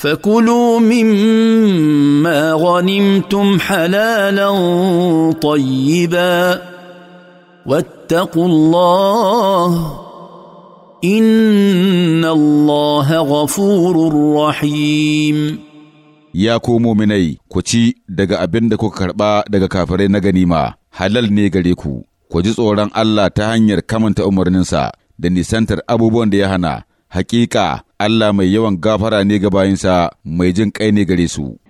فكلوا مما غنمتم حلالا طيبا واتقوا الله ان الله غفور رحيم يا كومو مني كوتي daga abinda kuka karɓa daga kafirai na ganima halal ne gare ku ku ji tsoron Allah ta hanyar kamanta umarninsa da nisantar abubuwan da ya hana Hakika Allah mai yawan gafara ne ga bayinsa mai jin kai ne gare su.